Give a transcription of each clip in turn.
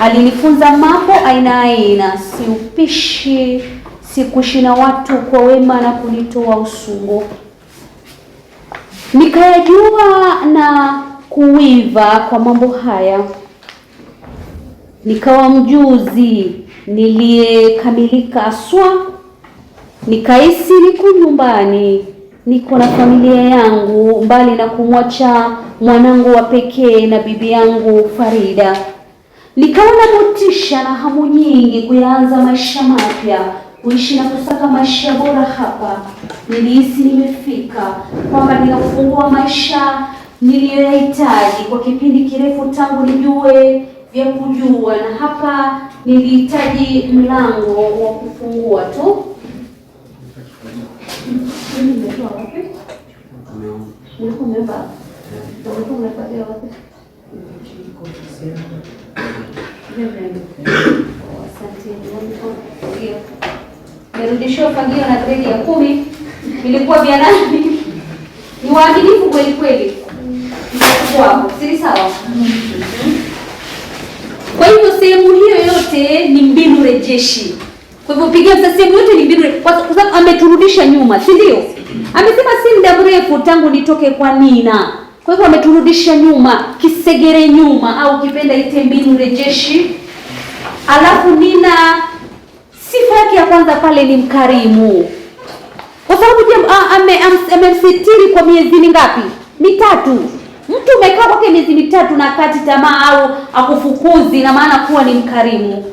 Alinifunza mambo aina aina, si upishi, si kuishi na watu kwa wema na kunitoa usungo. Nikayajua na kuiva kwa mambo haya, nikawa mjuzi niliyekamilika aswa, Nikahisi niko nyumbani, niko na familia yangu, mbali na kumwacha mwanangu wa pekee na bibi yangu Farida. Nikaona motisha na hamu nyingi kuyaanza maisha mapya, kuishi na kusaka maisha bora hapa. Nilihisi nimefika, kwamba nikafungua maisha niliyoyahitaji kwa kipindi kirefu tangu nijue vya kujua, na hapa nilihitaji mlango wa kufungua tu. Oh, Nirudishiwa fagio na gredi ya kumi. vya nani? ni waaminifu kweli kweli wao, si sawa? Kwa hivyo sehemu hiyo yote ni mbinu rejeshi. Kwa hivyo pigia msasa, sehemu yote ni mbinu rejeshi, kwa sababu ameturudisha nyuma, si ndio? Amesema si muda mrefu tangu nitoke kwa Nina kwa hivyo ameturudisha nyuma, kisegere nyuma, au kipenda ite mbinu rejeshi. Alafu nina sifa yake ya kwanza pale ni mkarimu, kwa sababu amemsitiri kwa miezi mingapi? Mitatu. Mtu umekaa kwake miezi mitatu na kati tamaa au akufukuzi, na maana kuwa ni mkarimu.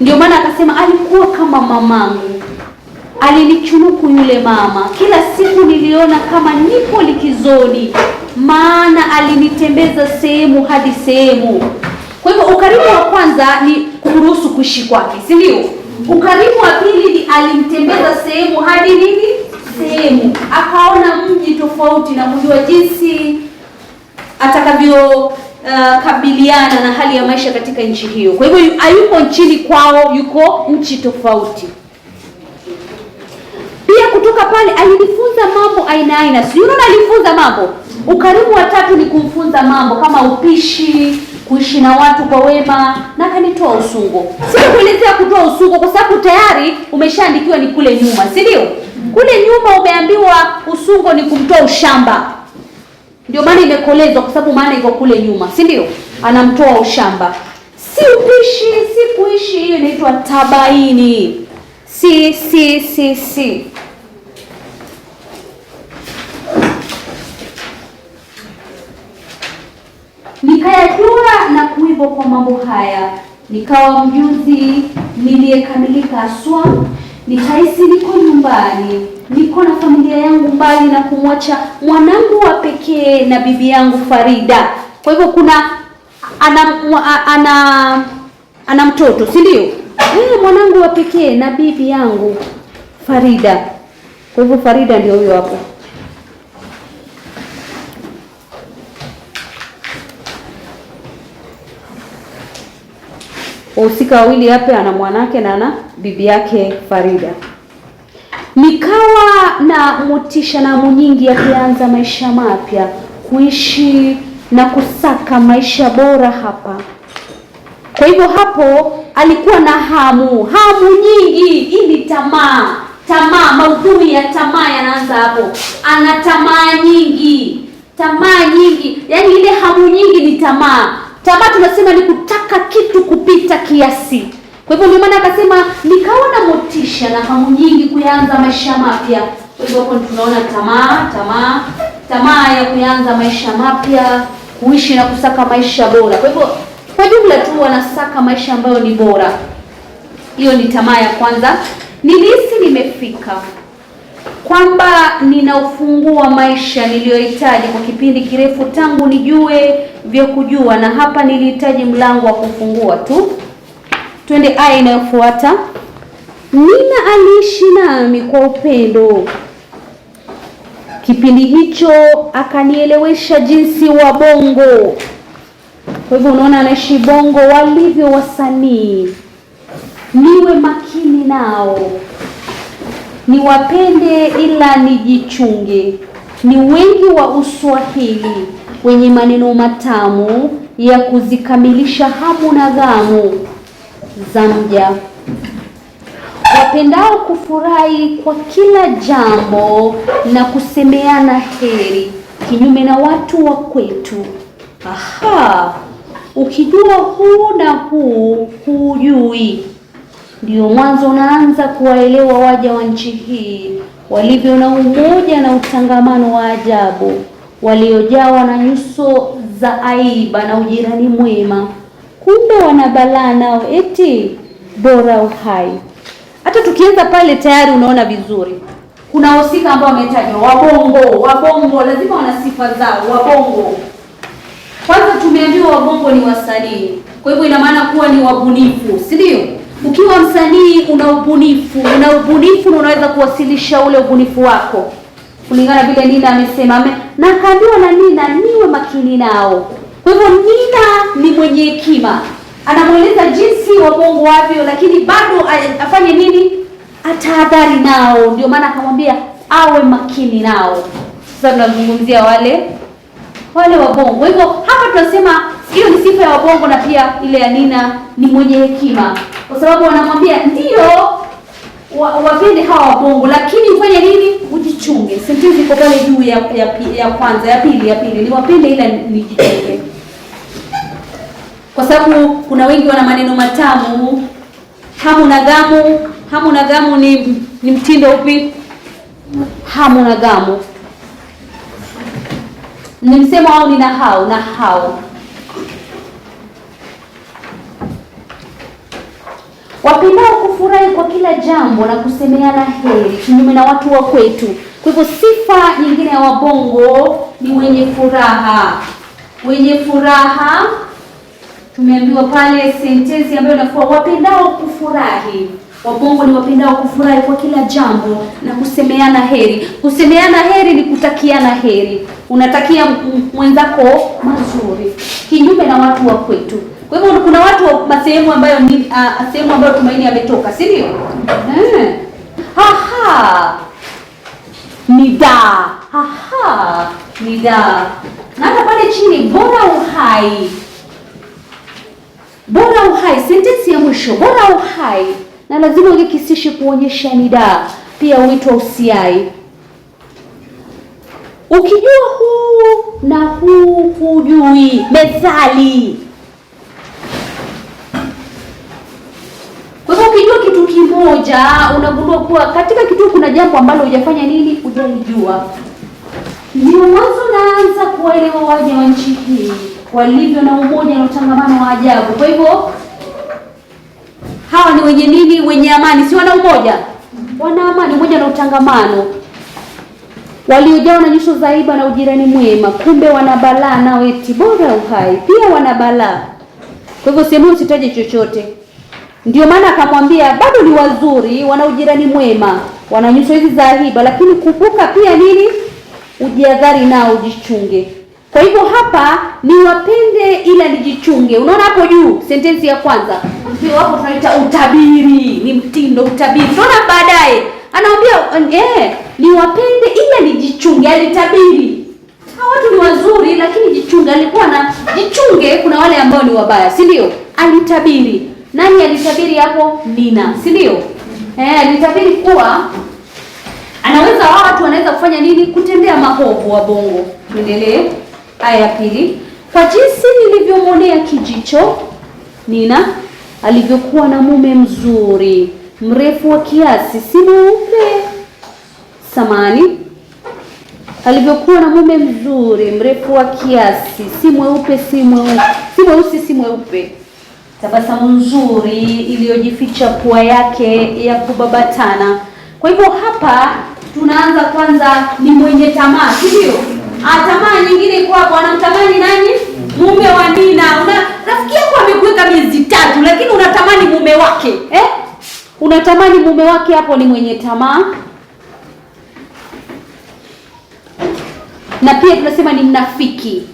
Ndio maana akasema alikuwa kama mamangu alinichunuku yule mama. Kila siku niliona kama nipo likizoni, maana alinitembeza sehemu hadi sehemu. Kwa hivyo ukarimu wa kwanza ni kuruhusu kuishi kwake, si ndio? Ukarimu wa pili ni alimtembeza sehemu hadi nini, sehemu, akaona mji tofauti na kujua jinsi atakavyo Uh, kabiliana na hali ya maisha katika nchi hiyo. Kwa hivyo hayuko nchini kwao, yuko nchi tofauti. Kutoka pale alijifunza mambo aina aina, sijui unaona, alifunza mambo. Ukarimu wa tatu ni kumfunza mambo kama upishi, kuishi na watu kwa wema, na akanitoa usungo. Sikuelezea kutoa usungo kwa sababu tayari umeshaandikiwa ni kule nyuma, si ndio? Kule nyuma umeambiwa usungo ni kumtoa ushamba, ndio maana imekolezwa kwa sababu maana iko kule nyuma, si ndio? Anamtoa ushamba, si upishi, si kuishi. Hiyo inaitwa tabaini. Si si si si Nikayajua na kuiva kwa mambo haya, nikawa mjuzi niliyekamilika aswa. Nikahisi niko nyumbani, niko na familia yangu mbali na kumwacha mwanangu wa pekee na bibi yangu Farida. Kwa hivyo kuna ana ana ana mtoto, si ndio? Eh, mwanangu wa pekee na bibi yangu Farida. Kwa hivyo Farida ndio huyo hapo. wahusika wawili hapa, ana mwanake na ana bibi yake Farida. Nikawa na motisha na hamu nyingi ya kuanza maisha mapya, kuishi na kusaka maisha bora hapa. Kwa hivyo hapo alikuwa na hamu, hamu nyingi, ili tamaa, tamaa, maudhui ya tamaa yanaanza hapo. Ana tamaa nyingi, tamaa nyingi, yaani ile hamu nyingi ni tamaa tamaa tunasema ni kutaka kitu kupita kiasi. Kwa hivyo ndio maana akasema nikaona motisha na hamu nyingi kuyaanza maisha mapya. Kwa hivyo hapo tunaona tamaa, tamaa, tamaa ya kuyaanza maisha mapya, kuishi na kusaka maisha bora. Kwa hivyo kwa jumla tu wanasaka maisha ambayo ni bora. Hiyo ni tamaa ya kwanza. Nilihisi nimefika kwamba nina wa maisha niliyohitaji kwa kipindi kirefu tangu nijue vya kujua, na hapa nilihitaji mlango wa kufungua tu. Twende aya inayofuata. Nina aliishi nami kwa upendo. Kipindi hicho akanielewesha jinsi wa Bongo. Kwa hivyo unaona, anaishi Bongo walivyo wasanii, niwe makini nao, niwapende ila nijichunge. Ni wengi wa Uswahili wenye maneno matamu ya kuzikamilisha hamu na ghamu za mja, wapendao kufurahi kwa kila jambo na kusemeana heri, kinyume na watu wa kwetu. Aha, ukijua huu na huu huujui ndio mwanzo unaanza kuwaelewa waja wa nchi hii walivyo na umoja na utangamano wa ajabu waliojawa na nyuso za aiba na ujirani mwema, kumbe wana balaa nao, eti bora uhai. Hata tukianza pale tayari unaona vizuri kuna wahusika ambao wametajwa, wabongo. Wabongo lazima wana sifa zao. Wabongo kwanza, tumeambiwa wabongo ni wasanii, kwa hivyo ina maana kuwa ni wabunifu, si ndio? Ukiwa msanii una ubunifu, una ubunifu na unaweza kuwasilisha ule ubunifu wako kulingana vile Nina amesema na kaambiwa na Nina niwe makini nao. Kwa hivyo Nina ni mwenye hekima, anamweleza jinsi wabongo wavyo, lakini bado afanye nini? Atahadhari nao, ndio maana akamwambia awe makini nao. Sasa tunazungumzia wale wale wabongo. Hivyo hapa tunasema hiyo ni sifa ya wabongo na pia ile ya Nina ni mwenye hekima, kwa sababu wanamwambia ndio wapende hawa wabongo, lakini ufanye nini? Ujichunge. Sentensi iko pale juu ya ya kwanza, ya pili, ya pili, niwapende ila nijichunge, kwa sababu kuna wengi wana maneno matamu. Hamu na ghamu. Hamu na ghamu ni ni mtindo upi? Hamu na ghamu ni msemo au ni nahau? Nahau. wapendao kufurahi kwa kila jambo na kusemeana heri kinyume na watu wa kwetu. Kwa hivyo sifa nyingine ya wabongo ni wenye furaha. Wenye furaha tumeambiwa pale sentensi ambayo inafua wapendao kufurahi. Wabongo ni wapendao kufurahi kwa kila jambo na kusemeana heri. Kusemeana heri ni kutakiana heri, unatakia mwenzako mazuri, kinyume na watu wa kwetu. Kwa hivyo kuna watu masehemu ambayo ni uh, sehemu ambayo Tumaini ametoka, si ndio? Eh. Aha. Ni da. Aha. Ni Na hata pale chini bora uhai. Bora uhai, sentensi ya mwisho, bora uhai. Na lazima uweke kisishi kuonyesha ni Pia huitwa usiai. Ukijua huu na huu hujui. Methali. moja unagundua kuwa katika kituo kuna jambo ambalo hujafanya nini, hujalijua. Ndio mwanzo naanza kuwaelewa waja wa nchi hii walivyo na umoja na utangamano wa ajabu. Kwa hivyo hawa ni wenye nini? Wenye amani, si wana umoja? Wana amani, umoja na utangamano, waliojawa na nyuso za na ujirani mwema. Kumbe wana balaa nao, eti bora uhai, pia wana balaa. Kwa hivyo sehemu usitaje chochote ndio maana akamwambia bado ni wazuri, wana ujirani mwema, wana nyuso hizi za hiba, lakini kumbuka pia nini? Ujiadhari nao, ujichunge. Kwa hivyo hapa ni wapende ila nijichunge. Unaona hapo juu sentensi ya kwanza mzee wako tunaita utabiri, ni mtindo utabiri. Unaona baadaye anaambia eh, ni wapende ila nijichunge, alitabiri watu ni wazuri, lakini jichunge. Alikuwa na jichunge, kuna wale ambao ni wabaya, si ndio? Alitabiri nani alitabiri hapo? Nina, si ndio? Eh, alitabiri kuwa anaweza watu wanaweza kufanya nini? Kutembea mapovu wa bongo. Tuendelee aya ya pili. Kwa jinsi nilivyomwonea kijicho Nina alivyokuwa na mume mzuri mrefu wa kiasi, si mweupe samani, alivyokuwa na mume mzuri mrefu wa kiasi, si mweupe si mweusi si mweupe tabasamu nzuri iliyojificha pua yake ya kubabatana. Kwa hivyo hapa tunaanza kwanza, ni mwenye tamaa, si ndio? Ah, tamaa nyingine iko hapo, anamtamani nani? Mume wa Nina. Una rafiki yako amekuweka miezi tatu, lakini unatamani mume wake eh? Unatamani mume wake, hapo ni mwenye tamaa. Na pia tunasema ni mnafiki.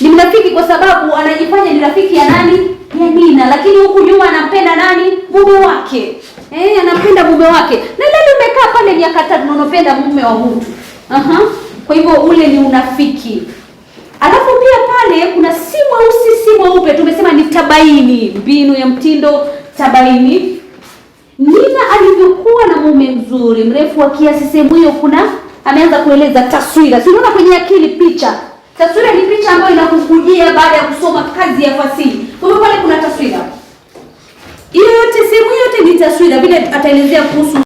Ni mnafiki kwa sababu anajifanya ni rafiki ya nani? Ya Nina, lakini huku nyuma anapenda nani? Mume wake. Eh, anapenda mume wake. Na leo umekaa pale miaka tatu na unapenda mume wa mtu. Aha. Kwa hivyo ule ni unafiki. Alafu pia pale kuna si mweusi si mweupe, tumesema ni tabaini, mbinu ya mtindo tabaini. Nina alivyokuwa na mume mzuri mrefu wa kiasi, sehemu hiyo kuna ameanza kueleza taswira. Si unaona kwenye akili picha Taswira ni picha ambayo inakukujia baada ya kusoma kazi ya fasihi. Kwa pale kuna taswira hiyo yote, sehemu yote ni taswira, vile ataelezea kuhusu